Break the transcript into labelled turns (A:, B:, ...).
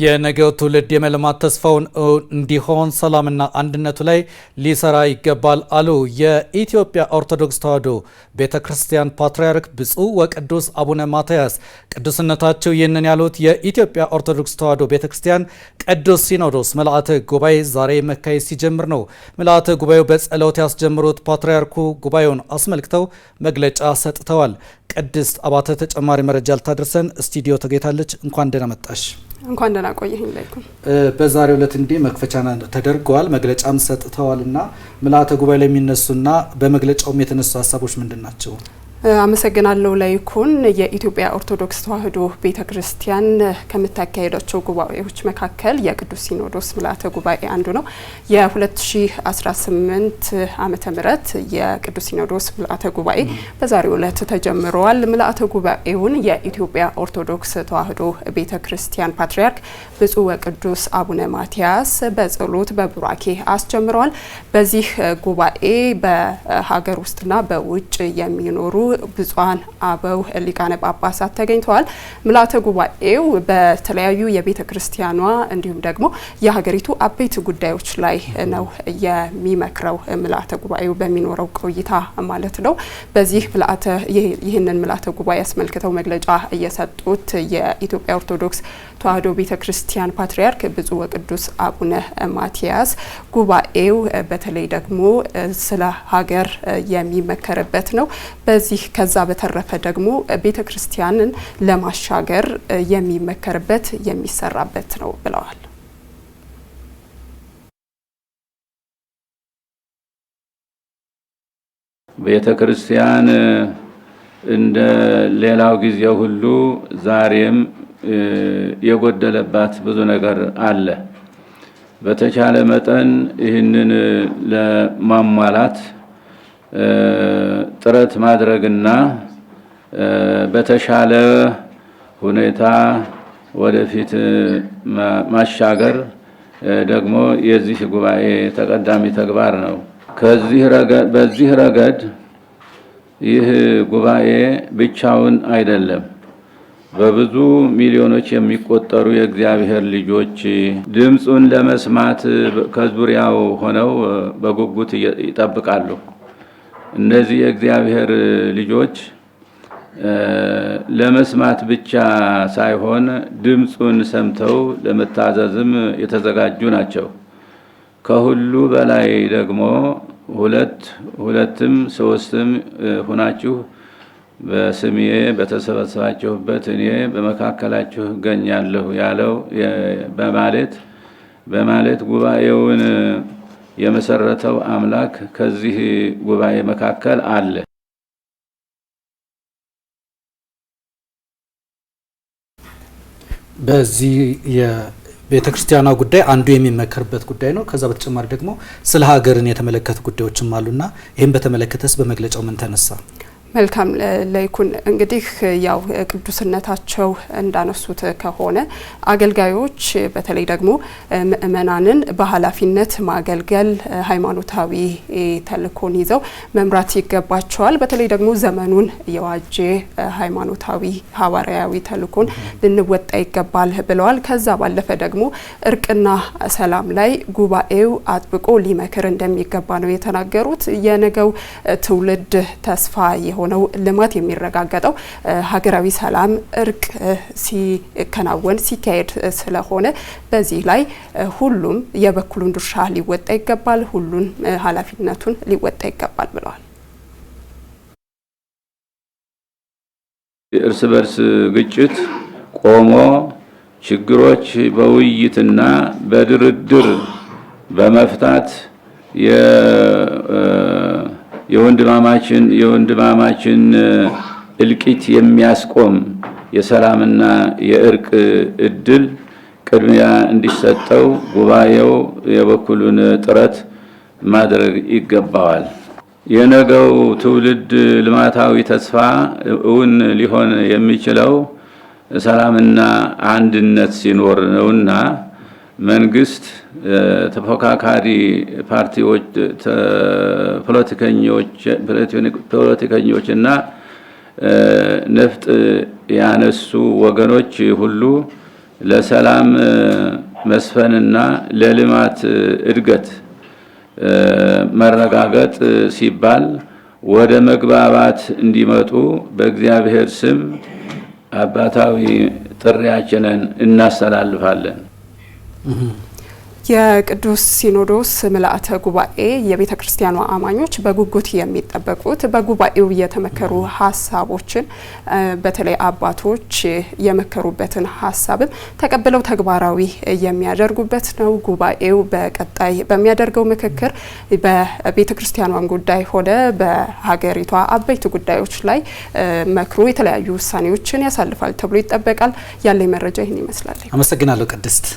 A: የነገው ትውልድ የመልማት ተስፋውን እንዲሆን ሰላምና አንድነቱ ላይ ሊሰራ ይገባል አሉ የኢትዮጵያ ኦርቶዶክስ ተዋሕዶ ቤተ ክርስቲያን ፓትርያርክ ብፁዕ ወቅዱስ አቡነ ማትያስ። ቅዱስነታቸው ይህንን ያሉት የኢትዮጵያ ኦርቶዶክስ ተዋሕዶ ቤተ ክርስቲያን ቅዱስ ሲኖዶስ ምልአተ ጉባኤ ዛሬ መካሄድ ሲጀምር ነው። ምልአተ ጉባኤው በጸሎት ያስጀምሩት ፓትርያርኩ ጉባኤውን አስመልክተው መግለጫ ሰጥተዋል። ቅድስት አባተ ተጨማሪ መረጃ ልታደርሰን ስቱዲዮ ተገኝታለች። እንኳን ደህና መጣሽ።
B: እንኳን ደህና ቆየኝ ላይኩም
A: በዛሬው ዕለት እንዲህ መክፈቻ ተደርገዋል፣ መግለጫም ሰጥተዋል። ና ምልአተ ጉባኤ ላይ የሚነሱና በመግለጫውም የተነሱ ሀሳቦች ምንድን ናቸው?
B: አመሰግናለሁ። ላይኩን የኢትዮጵያ ኦርቶዶክስ ተዋሕዶ ቤተ ክርስቲያን ከምታካሄዳቸው ጉባኤዎች መካከል የቅዱስ ሲኖዶስ ምልአተ ጉባኤ አንዱ ነው። የ2018 ዓመተ ምህረት የቅዱስ ሲኖዶስ ምልዓተ ጉባኤ በዛሬው ዕለት ተጀምረዋል። ምልአተ ጉባኤውን የኢትዮጵያ ኦርቶዶክስ ተዋሕዶ ቤተ ክርስቲያን ፓትርያርክ ብፁዕ ወቅዱስ አቡነ ማትያስ በጸሎት በቡራኬ አስጀምረዋል። በዚህ ጉባኤ በሀገር ውስጥና በውጭ የሚኖሩ ብፁዓን አበው ሊቃነ ጳጳሳት ተገኝተዋል። ምልዓተ ጉባኤው በተለያዩ የቤተ ክርስቲያኗ እንዲሁም ደግሞ የሀገሪቱ አበይት ጉዳዮች ላይ ነው የሚመክረው ምልዓተ ጉባኤው በሚኖረው ቆይታ ማለት ነው። በዚህ ምልዓተ ይህንን ምልዓተ ጉባኤ አስመልክተው መግለጫ እየሰጡት የኢትዮጵያ ኦርቶዶክስ ተዋህዶ ቤተ ክርስቲያን ፓትርያርክ ብፁዕ ወቅዱስ አቡነ ማትያስ ጉባኤው በተለይ ደግሞ ስለ ሀገር የሚመከርበት ነው። በዚህ እንግዲህ ከዛ በተረፈ ደግሞ ቤተ ክርስቲያንን ለማሻገር የሚመከርበት የሚሰራበት ነው ብለዋል።
C: ቤተ ክርስቲያን እንደ ሌላው ጊዜ ሁሉ ዛሬም የጎደለባት ብዙ ነገር አለ። በተቻለ መጠን ይህንን ለማሟላት ጥረት ማድረግና በተሻለ ሁኔታ ወደፊት ማሻገር ደግሞ የዚህ ጉባኤ ተቀዳሚ ተግባር ነው። በዚህ ረገድ ይህ ጉባኤ ብቻውን አይደለም። በብዙ ሚሊዮኖች የሚቆጠሩ የእግዚአብሔር ልጆች ድምፁን ለመስማት ከዙሪያው ሆነው በጉጉት ይጠብቃሉ። እነዚህ የእግዚአብሔር ልጆች ለመስማት ብቻ ሳይሆን ድምፁን ሰምተው ለመታዘዝም የተዘጋጁ ናቸው። ከሁሉ በላይ ደግሞ ሁለት ሁለትም ሶስትም ሁናችሁ በስሜ በተሰበሰባችሁበት እኔ በመካከላችሁ እገኛለሁ ያለው በማለት በማለት ጉባኤውን የመሰረተው አምላክ ከዚህ ጉባኤ መካከል አለ።
A: በዚህ የቤተ ክርስቲያኗ ጉዳይ አንዱ የሚመከርበት ጉዳይ ነው። ከዛ በተጨማሪ ደግሞ ስለ ሀገርን የተመለከቱ ጉዳዮችም አሉና ይህም በተመለከተስ በመግለጫው ምን ተነሳ?
B: መልካም ለይኩን እንግዲህ ያው ቅዱስነታቸው እንዳነሱት ከሆነ አገልጋዮች በተለይ ደግሞ ምእመናንን በኃላፊነት ማገልገል ሃይማኖታዊ ተልእኮን ይዘው መምራት ይገባቸዋል። በተለይ ደግሞ ዘመኑን የዋጀ ሃይማኖታዊ ሐዋርያዊ ተልእኮን ልንወጣ ይገባል ብለዋል። ከዛ ባለፈ ደግሞ እርቅና ሰላም ላይ ጉባኤው አጥብቆ ሊመክር እንደሚገባ ነው የተናገሩት። የነገው ትውልድ ተስፋ የሆነ የሆነው ልማት የሚረጋገጠው ሀገራዊ ሰላም፣ እርቅ ሲከናወን ሲካሄድ ስለሆነ በዚህ ላይ ሁሉም የበኩሉን ድርሻ ሊወጣ ይገባል፣ ሁሉን ኃላፊነቱን ሊወጣ ይገባል ብለዋል።
C: የእርስ በርስ ግጭት ቆሞ ችግሮች በውይይትና በድርድር በመፍታት የወንድማማችን የወንድማማችን እልቂት የሚያስቆም የሰላምና የእርቅ እድል ቅድሚያ እንዲሰጠው ጉባኤው የበኩሉን ጥረት ማድረግ ይገባዋል። የነገው ትውልድ ልማታዊ ተስፋ እውን ሊሆን የሚችለው ሰላምና አንድነት ሲኖር ነውና መንግስት ተፎካካሪ ፓርቲዎች፣ ፖለቲከኞች እና ነፍጥ ያነሱ ወገኖች ሁሉ ለሰላም መስፈንና ለልማት እድገት መረጋገጥ ሲባል ወደ መግባባት እንዲመጡ በእግዚአብሔር ስም አባታዊ ጥሪያችንን እናስተላልፋለን።
B: የቅዱስ ሲኖዶስ ምልአተ ጉባኤ የቤተ ክርስቲያኗ አማኞች በጉጉት የሚጠበቁት በጉባኤው የተመከሩ ሀሳቦችን በተለይ አባቶች የመከሩበትን ሀሳብም ተቀብለው ተግባራዊ የሚያደርጉበት ነው። ጉባኤው በቀጣይ በሚያደርገው ምክክር በቤተ ክርስቲያኗን ጉዳይ ሆነ በሀገሪቷ አበይት ጉዳዮች ላይ መክሮ የተለያዩ ውሳኔዎችን ያሳልፋል ተብሎ ይጠበቃል። ያለኝ መረጃ ይህን ይመስላል።
A: አመሰግናለሁ ቅድስት።